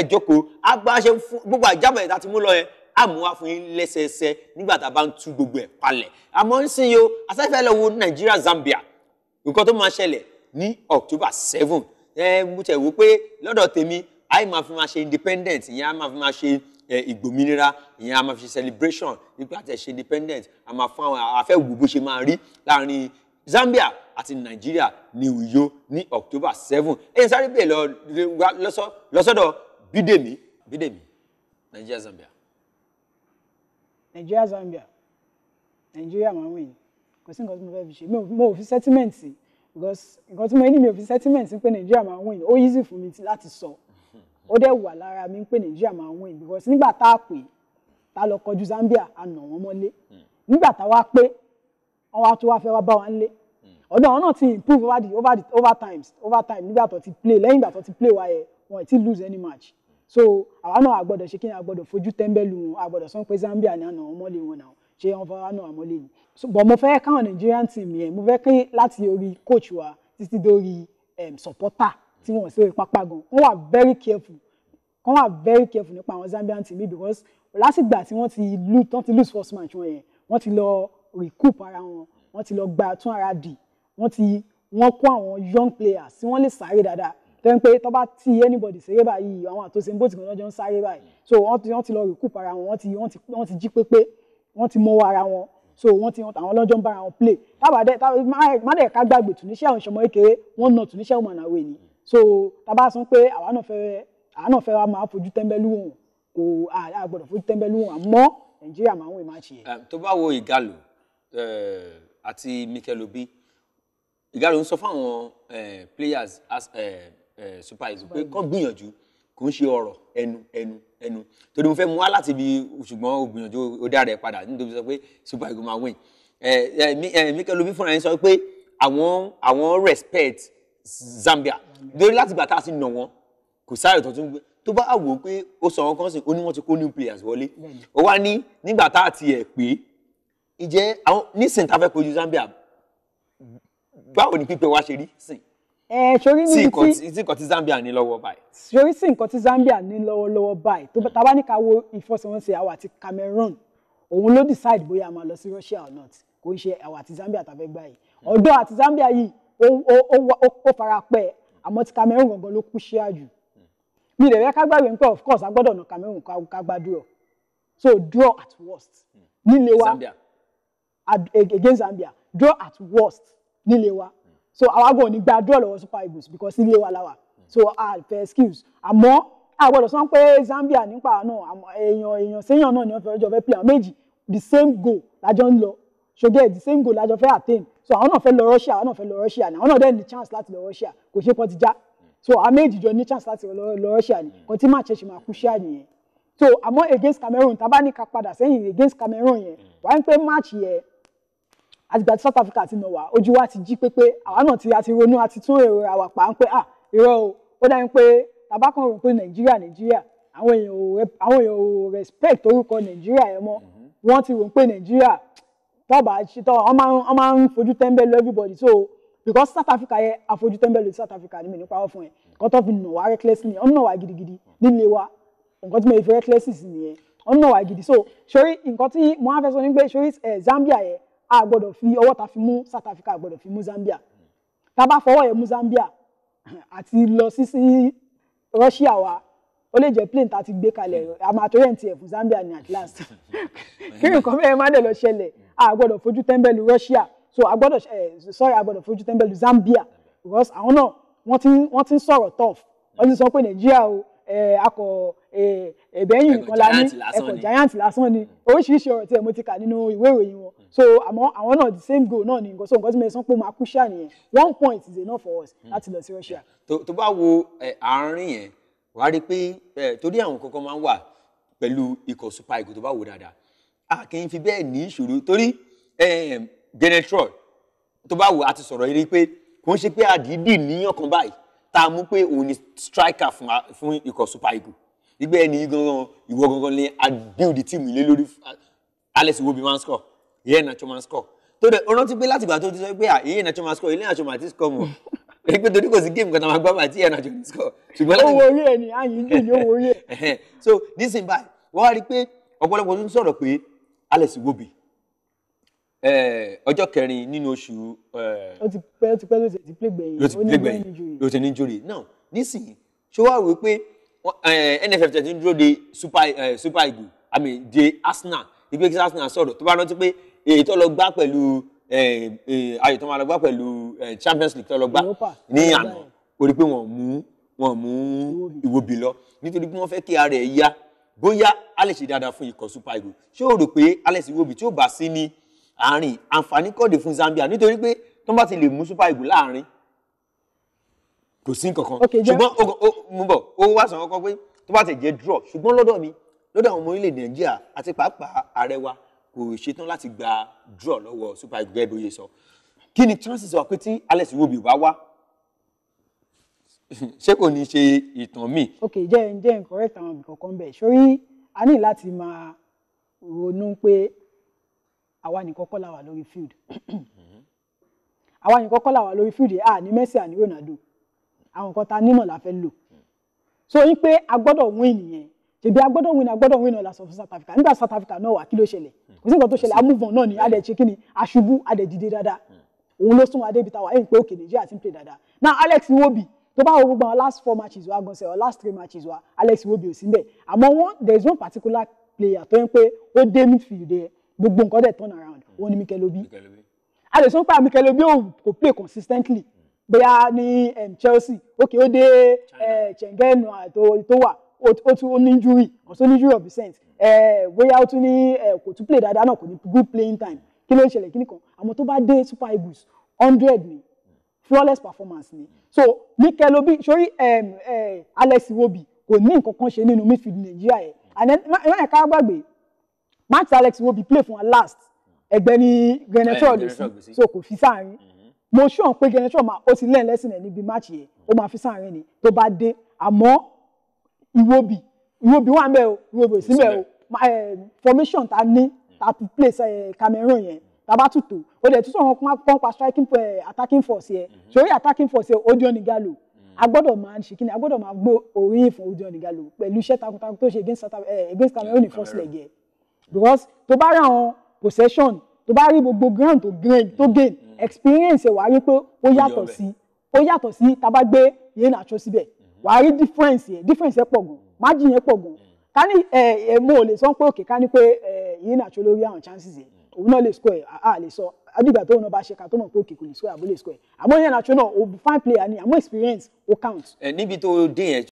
ẹ̀jọ́kọ̀ agbáṣe gbogbo àjábọ̀ ẹ̀dá ti mú lọ yẹn àmúwá fún yín lẹ́sẹẹsẹ nígbà tá a bá ń tú gbogbo ẹ̀ palẹ̀ àmọ́ ń sìn yìí o asẹ́fẹ́ lọ wo Nàìjíríà Zambia nǹkan tó máa ṣẹlẹ̀ ní October seven ẹ mo tẹ̀ wò pé lọ́dọ̀ tèmi àì máa fi máa ṣe independent ìyẹn á máa fi máa ṣe ìgbòmìnira ìyẹn a máa fi ṣe celebration nígbà tí ṣe independent a máa fún àwọn afẹ́ wò bó ṣe máa rí láàrin Zambia àti Nàìjíríà ní Uyo ní October seven ẹ̀yin sáré bẹ́ẹ̀ lọ lọ́sọ̀dọ̀ Bidemi, Bidemi, Nigeria Zambia. Nigeria Zambia Nigeria máa win kò sí nǹkan tí mo fẹ́ fi ṣe mo ò fi settlement sí because nǹkan tí mo ní mi ò fi settlement sí pé Nigeria máa win ó easy fún mi láti sọ ó dẹ̀ wà lára mi pé Nigeria máa win because nígbà tá a pè tá a lọ kọjú Zambia a nà wọ́n mọ́lé nígbà tá a wá pé wọ́n wá wá fẹ́ wá bá wa ń lé ọ̀dọ̀ àwọn náà ti improve over the over the over times over time nígbà tó ti play lẹ́yìn ìgbà tó ti play wa yẹ wọn ti lose any match so àwa náà àgbọ̀dọ̀ ṣe kí ni àgbọ̀dọ̀ fojú tẹ́ńbẹ́lú wọn àgbọ̀dọ̀ sọ pé Zambia ni àná wọn mọ́lé wọn náà ṣé wọn fọwọ́ náà mọ́lé ni but mo fẹ́ káwọn Nigerian team yẹn mo fẹ́ kí láti orí coach wa títí dórí supporter tí wọ́n sì rí pápá gan wọ́n wà very careful wọ́n wà very careful nípa àwọn Zambian team yìí because lásìgbà tí wọ́n ti lose wọ́n ti lose first match wọn yẹn wọ́n ti lọ recoup ara wọn wọ́n ti lọ gba tún ara dì wọ́n ti wọ́n kó àwọn young players tí wọ́n lè sáré dáadáa tó ń pé tó bá ti anybody ṣeré báyìí àwọn àtòsí bó ti kàn lọ́jọ́ ń sáré báyìí so wọ́n ti wọ́n ti lọ recoup ara wọn wọ́n ti wọ́n ti wọ́n ti jí pépé wọ́n ti mọ́wọ́ ara wọn so wọ́n ti àwọn lọ́jọ́ ń bára wọn play tábàdé tábàdé má dẹ̀ ká gbàgbé Tunisia òun ṣọmọ kékeré wọ́n na Tunisia òun àwẹ̀ ni so tábà sọ pé àwa náà fẹ́ àwa náà fẹ́ wa máa fojú tẹ́ńbẹ́lú wọn kò àgbọ̀dọ̀ fojú tẹ́ńbẹ́lú wọn àmọ́ Nàìjíríà máa ń wò máa ṣe. tó bá wo Ìgalò àti Mikel Obi Ìgalò ń sọ fáwọn players super eagles pé kọ́ gbìyànjú kò ń ṣe ọ̀rọ̀ ẹnu ẹnu ẹnu torí mo fẹ́ mu wá láti ibi ṣùgbọ́n o gbìyànjú o dára ẹ padà nítorí sọ pé super eagles máa win Mikel Obi fúnra yẹn sọ pé àwọn àwọn respect Zambia lórí láti gbà tá a sì nà wọn kò sáré tó tún gbé tó bá wò ó pé ó sọ wọn kan sí oníwọ̀n ti kó new players wọlé ó wá ní nígbà tá a ti ẹ̀ pé ìjẹ́ àwọn nísìnyí tá a fẹ́ kojú Zambia báwo ni pípẹ́ wá ṣe rí sìn. Eh, sori níbi tí tí nǹkan tí Zambia ní lọ́wọ́ báyìí. sori sí nǹkan tí Zambia ní lọ́wọ́lọ́wọ́ báyìí tó tá bá ní ká wo ìfọsẹ̀wọnsẹ̀ àwa àti Cameroon òun ló decide bóyá a máa lọ sí Russia or not kò ń ṣe àwa àti Zambia tá fẹ́ gbá hmm. àti Zambia yìí ó fara pẹ́ àmọ́ ti Cameroon gangan ló kú ṣíà jù hmm. mi lè rẹ́ ká gbàgbé pé of course a gbọ́dọ̀ nà Cameroon ká gbá draw so draw at worst hmm. nílé wa against Zambia draw at worst nílé wa so àwa gan ní gba draw lọ́wọ́ Super Eagles because ilé wa la wà so a fẹ́ skills àmọ́ a gbọ́dọ̀ sọ pé Zambia nípa náà èèyàn èèyàn séèyàn náà ni wọ́n fẹ́ ọjọ́ fẹ́ play àwọn méjì the same goal lájọ ń lọ ṣoge the same goal lájọ fẹ́ attain so àwọn náà fẹ́ lọ Russia àwọn náà fẹ́ lọ Russia ni àwọn náà dẹ̀ ní chance láti lọ Russia kò ṣe pọ́n ti já so àwọn méjì jọ ní chance láti lọ Russia ni kan tí match ẹ̀ ṣe máa kú ṣáà nìyẹn so àmọ́ against Cameroon tá a bá ní ká padà sẹ́yìn against Cameroon yẹn wà ń pẹ́ match yẹn àtìgbà tí South Africa ti nà wá ojú wa ti jí pépé àwa náà ti àti ronú àti tún èrò àwa pa á ń pé à irọ́ o ó dáhùn pé tàbá rò pé Nàìjíríà Nàìjíríà àwọn èèyàn ò respect orúkọ Nàìjíríà yẹn mọ́ mm-hmm. wọ́n ti rò pé Nàìjíríà tọ́ọ̀bà ṣetọ́ wọ́n máa ń fojú tẹ́ńbẹ́lú everybody so because South Africa yẹn àfojú tẹ́ńbẹ́lú South Africa ni mi nípa ọ̀ fún ẹ nǹkan tó fi nà wá recklessly ni ọ̀n nà wá gidigidi nílé wa nǹkan tí mo fi recklessly sí nìyẹn ọ̀n nà wá gidi so sori nǹkan tí mo á fẹ́ sọ ní pé sori eh, Zambia yẹn a gbọ́dọ̀ fi ọwọ́ ta fi mú South Africa a gbọ́dọ̀ fi mú Zambia tá a bá fọwọ́ yẹn mú Zambia àti lọ sí sí Russia wa ó lè jẹ́ plane tá a ti gbé kalẹ̀ a máa tó rẹ̀ǹtì ẹ̀ fún Zambia ní at last kí nǹkan bẹ́ẹ̀ má dẹ̀ lọ ṣẹlẹ̀ a gbọ́dọ̀ fojú tẹ́ńbẹ́lú Russia so a gbọ́dọ̀ eh, sorry a gbọ́dọ̀ fojú tẹ́ńbẹ́lú Zambia because àwọn náà wọ́n ti ń sọ̀rọ̀ tough wọ́n ti sọ pé Nàìjíríà o akọ̀ ẹ̀bẹ̀yìn nǹkan la ní ẹ̀kọ́ giant lásán ni mm. oríṣiríṣi ọ̀rọ̀ tí ẹ̀ mo ti kà nínú ìwé ìròyìn wọn mm. so àmọ́ àwọn náà the same goal náà ni nǹkan so nǹkan tí mo sọ pé mo akú ṣáà nìyẹn one point is enough for us mm. láti lọ sí Russia. tó bá wo àárín yẹn wàá rí i pé torí àwọn kankan máa ń wà pẹ̀lú ikọ̀ super eagles tó bá wò dáadáa a kì í fi bẹ́ẹ̀ ní ìṣòro torí Genetrol tó bá wò a ti sọ̀rọ̀ yìí rí i pé kò ń ṣe pé àdìdì níyàn kan báyìí tá a mú pé òun ni striker fún fún ikọ̀ super eagles gbígbé ẹni yìí gangan ìwọ gangan ni a build team ilé lórí Alex Iwobi man score ìyẹn Nacho máa ń score tó dẹ ọ̀nà ti pé láti ìgbà tó ti sọ pé ìyẹn Nacho man score ilé Nacho máa ti score mọ́ èyí pé torí kò sí géèmù kan tá a máa gbá bàtí ìyẹn Nacho ti score ṣùgbọ́n láti. owó orí ẹ ni àyìn jù ní owó orí ẹ. so nísìnyí báyìí wọ́n wá rí i pé ọ̀pọ̀lọpọ̀ tó ń sọ̀rọ̀ pé Alex Iwobi Eh, ọjọ́ kẹrin nínú oṣù. Eh, ó ti pẹ́ ó ti pẹ́ ló ti play gbẹ̀yìn ló ti play gbẹ̀yìn ló ti ní injury now nísìnyí ṣé wàá wí pé eh, NFF ti dúró de super eagle I mean de Arsenal ìgbé kí Arsenal sọ̀rọ̀ tó bá rántí pé èyí tó lọ gbá pẹ̀lú ayò tó máa lọ gbá pẹ̀lú Champions League tó lọ gbá ní àná orí pé wọ́n mú wọ́n mú ìwòbí lọ nítorí pé wọ́n fẹ́ kí ara ẹ̀ yá bóyá Alex ṣe dáadáa fún ikọ̀ super eagle ṣé o rò pé Alex Iwobi tí ó bá sí ní àárín àǹfààní kọ́ọ̀dì fún Zambia nítorí pé tó bá ti lè mú Super Eagles láàárín kò sí nǹkankan ṣùgbọ́n mo bọ̀ ó wá sàn kọ́kọ́ pé tó bá ti jẹ́ draw ṣùgbọ́n lọ́dọ̀ mi lọ́dọ̀ àwọn ọmọ orílẹ̀-èdè Nàìjíríà àti pàápàá ààrẹ kò ṣetán láti gba draw lọ́wọ́ Super Eagles gẹ́gẹ́ bí ó yẹ sọ kí ni chances wà pé tí Alex Iwobi bá wá ṣé kò ní ṣe ìtàn míì. ok jẹ́ ǹjẹ́ correct àwọn ibì kọ̀ọ̀kan bẹ̀ sórí àwa nìkan kọ́ la wà lórí field àwa nìkan kọ́ la wà lórí field yẹn à ní Messi àní Ronaldo àwọn nǹkan ta nímọ̀ la fẹ́ lò so yín pé a gbọ́dọ̀ win nìyẹn ṣèbí a gbọ́dọ̀ win a gbọ́dọ̀ win ọ̀la sọ fún South Africa nígbà South Africa náà wà kí ló ṣẹlẹ̀ kò sí nǹkan tó ṣẹlẹ̀ amúvọ̀n náà ni a dẹ̀ ṣe kí ni aṣubú a dẹ̀ dìde dáadáa òun ló sún wa débi táwa ẹ̀yìn pé òkè Nàìjíríà ti ń pè dáadáa now Alex Iwobi tó bá wo gbogbo àwọn last four matches wa gbọ̀nsẹ̀ or last three matches wa Alex Iwobi ò sí bẹ́ẹ̀ àmọ́ wọn there is one particular player tó yẹn pé ó dé midfield yẹn gbogbo nǹkan dẹ̀ turn around hmm. òun ni Mikel Obi a lè sọ pé Mikel Obi kò play consistently bóyá ní Chelsea okay ó dé eh, Chengenu tó wà ó tún ó ní injury kò tún ní injury of recent eh, bóyá ó tún ní eh, kò tún play dáadáa náà kò ní good playing time kí ló ń ṣẹlẹ̀ kí nìkan àmọ́ tó bá dé Super Eagles hundred ni flawless performance ni so Mikel Obi sori Alex Iwobi kò ní nǹkan kan ṣe nínú midfield Nàìjíríà yẹn àná hmm. ẹ̀ka gbàgbé match Alex Iwobi play fún wa last ẹgbẹ́ ní Genetron lè sí so kò fi sáàrin mhm. mo ṣọ́ pé Genetron máa ó ti lẹ́yìn ẹ̀ níbi match yẹn ó máa fi sáàrin ni tó bá dé àmọ́ Iwobi Iwobi wà mẹ́ o Iwobi sí mẹ́ o eh, formation ta ní mm. ta fi play eh, Cameroon yẹn tabatutù o dẹ̀ tún sọ̀rọ̀ pọ́npa striking eh, attacking force yẹ mm-hmm. sórí attacking force yẹ Odion Ighalo mm. a gbọ́dọ̀ máa ṣe kíni a gbọ́dọ̀ máa gbó orí ìfún Odion Ighalo pẹ̀lú iṣẹ́ takuntakun tó ṣe against Cameroon ní first leg yẹ because tó bá rí àwọn possession tó bá rí gbogbo ground tó gain tó gain mm. experience wàá rí pé ó yàtọ̀ sí ó yàtọ̀ sí tá bá gbé yẹn àṣọ síbẹ̀ mm-hmm. wàá rí difference yẹn difference yẹn pọ̀ gan májì mm. yẹn pọ̀ gan mm. ká ní ẹ ẹ mo lè sọ pé òkè ká ní pé ẹ yẹn àṣọ lórí àwọn chances yẹn òun náà lè score ẹ a lè sọ adigba tóun náà bá ṣe ká tó mọ̀ pé òkè kò lè score àbó lè score ẹ àmọ́ yẹn àṣọ náà o fine player ni àmọ́ experience o count. ẹ níbi tó dé yẹn